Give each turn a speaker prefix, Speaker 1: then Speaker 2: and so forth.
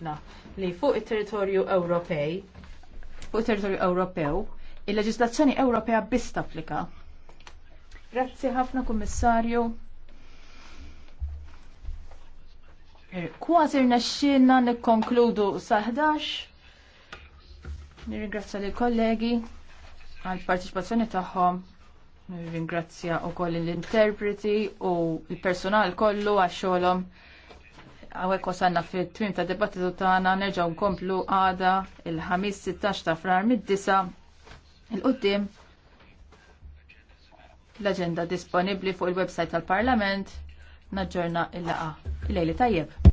Speaker 1: ħafna li fuq it-territorju Ewropej, fuq it-territorju Ewropew, il-leġislazzjoni Ewropea biss tapplika.
Speaker 2: Grazzi ħafna kummissarju. Er, kważi rnexxielna
Speaker 3: nikkonkludu sa 11. Nirringrazzja lill kollegi għall partiċipazzjoni tagħhom. Nirringrazzja wkoll l-interpreti u l-personal kollu għax xogħolhom għawek wasanna fit twim ta' debattitu tagħna nerġgħu nkomplu għada il-ħamis 16 ta' frar mid-disa il-qudiem l-aġenda disponibbli fuq il-website tal-Parlament naġġorna il-laqa. Il-lejli tajjeb.